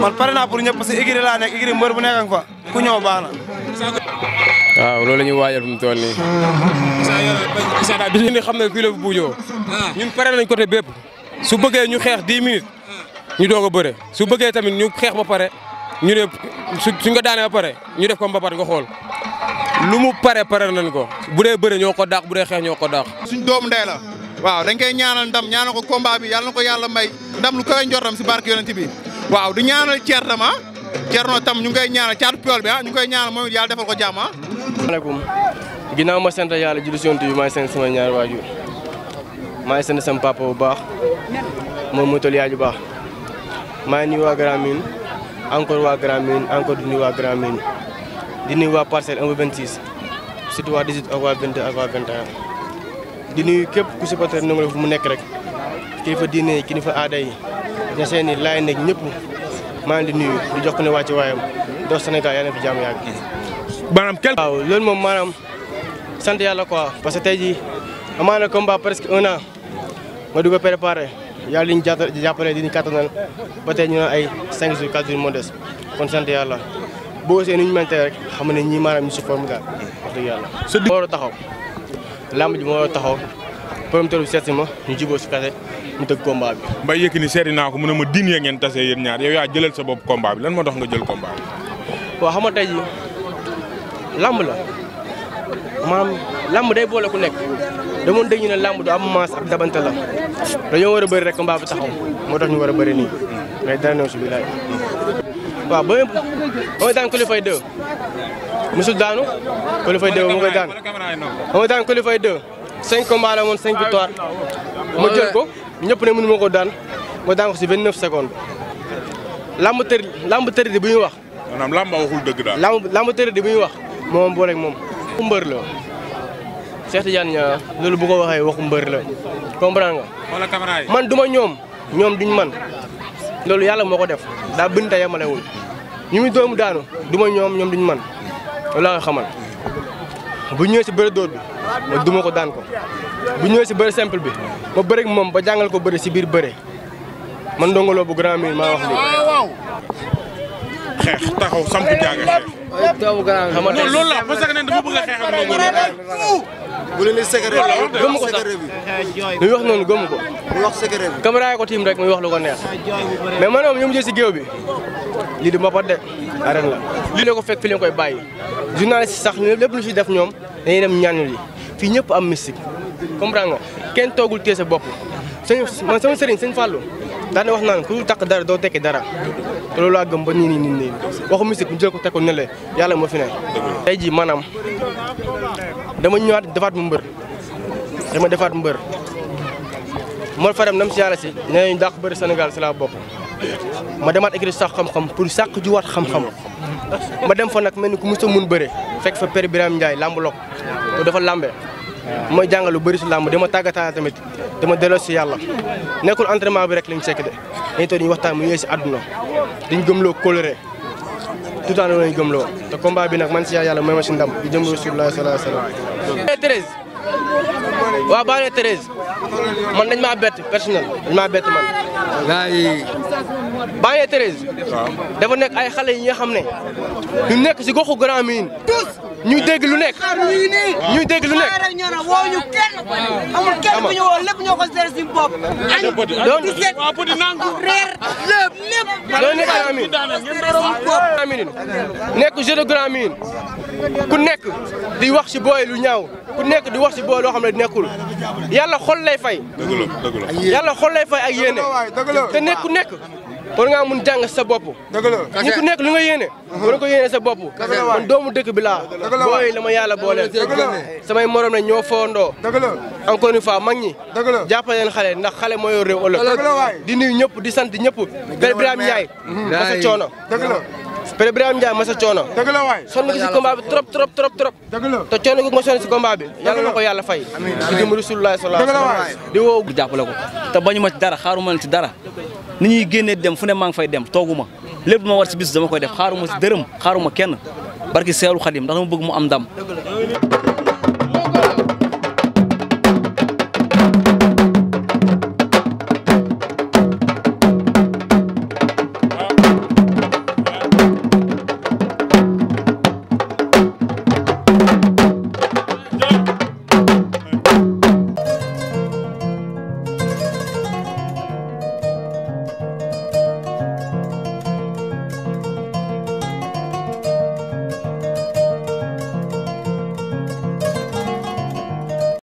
man pare naa pour ñëpp parce que igri laa nekk igri mbër bu nekk fa ku ñëw waaw loolu la ñuy waajal fi mu toll nii. isa daal ni xam ne kii la bu buujoo. ñun pare nañ côté bépp. su bëggee ñu xeex 10 minutes. ñu doog a bëre su bëggee tamit ñu xeex ba pare ñu ne su suñ ko daanee ba ñu def ko mbapat nga xool. lumu paré paré pare nañ ko budé dee ñoko daax budé dàq ñoko daax suñ doom ndey la waaw dañ koy ñaanal ndam ñaanal ko combat bi yalla nako yalla may ndam lu koy njortam ci barke yonent bi waaw du ñaanal ciertam ha Thierno tam ñu ngay ñaanal ciar piol bi ha ah, ñu koy ñaanal moom yalla defal ko jàmm ha ah. alaykum ginaaw ma sant yalla jullu si yonent bi maa ngi sama ñaar waajur maa ngi sama papa bu baax moom mu tol yaaju baax maa ni wa gramine encore wa gramine encore ni wa gramine di nuyu waa parcelle 1 ba 26 waa 18 ak waa 22 ak waa 21. di nuyu képp ku supporter Ndongo fu mu nekk rek kilifa diine yi kilifa aada yi ña seen i laay nekk ñëpp maa ngi di nuyu di jox ko ne waa ci waayam doo Sénégal yàlla na fi jàmm yàgg. maanaam kenn. waaw loolu moom maanaam sant yàlla quoi parce que tey jii amaana combat presque un an nga dugg a préparé yàlla li ñu jàppale di ñu kattanal ba tey ñu naan ay 5 kon sant yàlla. boo gisee ni ñu mel rek xam ne ñii maanaam ñu si forme daal wax dëgg yàlla. sa war a taxaw làmb ji moo war a taxaw promoteur bi seet si ma ñu jubóo si kase mu tëgg combat bi. Mbaye Yékini seeti naa ko mun ne ma diin ya ngeen tase yéen ñaar yow yaa jëlal sa bopp combat bi lan moo tax nga jël combat bi. xam a tey jii làmb la maanaam làmb day boole ku nekk damoon dégg ñu ne làmb du am maas ak dabante la dañoo war a bëri rek combat bi taxaw moo tax ñu war a bëri nii mais waaw ba mooy daan Koulibaly 2 musul daanu Koulibaly 2 mu koy daan mooy daan Koulibaly 2 cinq combats la woon cinq victoire ma jël ko ñëpp ne mënu ma ko daan ma daan ko si 29 secondes lamb tëri lamb tëri di bu ñuy wax maanaam lamb waxul dëgg daal lamb lamb tëri di bu ñuy wax moom booleeg moom mbër la Cheikh Tidiane Niang ya, loolu bu ko waxee waxu mbër la comprendre nga wala caméra yi eh? man duma ñoom ñoom duñ man loolu yàlla moo ko def daa bënta yamalewul ñu muy doomu daanu du ma ñoom ñoom duñu man laa xamal bu ñëwee si bëri dóor bi ma duma ko daan ko bu ñëwee si bëri simple bi ma bëri moom ba jàngal ko bëri si biir bëri man Ndongo bu Grand Mine maa wax lii ah, xeex taxaw samp jaaga xeex non loolu la parce que nee dama bëgg a xeexal Ndongo Lo. bu leen di secret bi gëmu sax muy wax noonu gëmu ko. muy a secret bi. caméra yi ko rek muy wax lu ko neex. mais man moom ñu mu jël bi lii di mbapat de arène la. lii la ko fekk fi leen koy bàyyi journaliste sax lépp lu si def ñoom dañuy dem ñaanu li fii ñëpp am mystique comprendre nga kenn toogul téye sa bopp. sëñ man sama sëriñ sëñ Fallou daan wax naan ku takk dara doo tekki dara te loolu laa gëm ba nii nii nii nii waxu musique ñu jël ko teg ko ne le yàlla fi ne tey jii maanaam dama ñëwaat defaat mu dama defaat faram nam si yàlla si nee nañu dàq senegal Sénégal si laa bokk ma demaat écrit sax xam-xam pour sàq juwaat xam-xam ma dem fa nag mel ku musa mun bëre fekk fa père Birame Ndiaye lamb lok te dafa lambe ma jàngal lu bëri lamb dama tàggataa tamit dama delloo si yàlla nekkul entraînement bi rek lañ sekk de mu dañ gëmloo coloré tout à lañ gëmloo te combat bi nag man si yàlla may ma si di jëm rasulullah sallallahu alayhi wasallam. Thérèse waaw baa ne Thérèse man dañ maa bett personnel dañ maa bett man. gars yi. baa ne Thérèse. waaw dafa nekk ay xale yi nga xam ne ñu nekk si goxu Grand Médine. ñuy dégg lu nekk ñuy dégg lu nekk. woo ñu kenn amul kenn bu ñu woo lépp ñoo ko seere suñu bopp. añ di seet reer lépp. Lamine nekk jeu de Grand ku nekk di wax ci booy lu ñaaw ku nekk di wax ci booy loo xam ne nekkul yàlla xol lay fay. yàlla xol lay fay ak yéene te nekk ku nekk. war ngaa mun jàng sa bopp ñi ku nekk lu nga yéene war nga ko yéene sa bopp man doomu dëkk bi laa booy la ma yàlla booleel samay morom ne ñoo foondoo encore une fois mag ñi jàppale leen xale ndax xale moo yor réew ëllëg di nuyu ñëpp di sant ñëpp mhm. Père Birame Ndiaye ma sa coono Père Birame Ndiaye ma sa coono sonn gi si combat bi trop trop trop trop te coono gi ma sonn si combat bi yàlla na ko yàlla fay si dimbali Rasulullah sallallahu alayhi wa sallam jàppale ko te bañu ma ci dara xaaruma ci dara ni ñuy génne dem fu ne maa ngi fay dem tooguma lépp lu ma war ci bis dama koy def xaaruma ci dërëm xaaruma kenn barki seeru xadim ndax dama bëgg mu am dam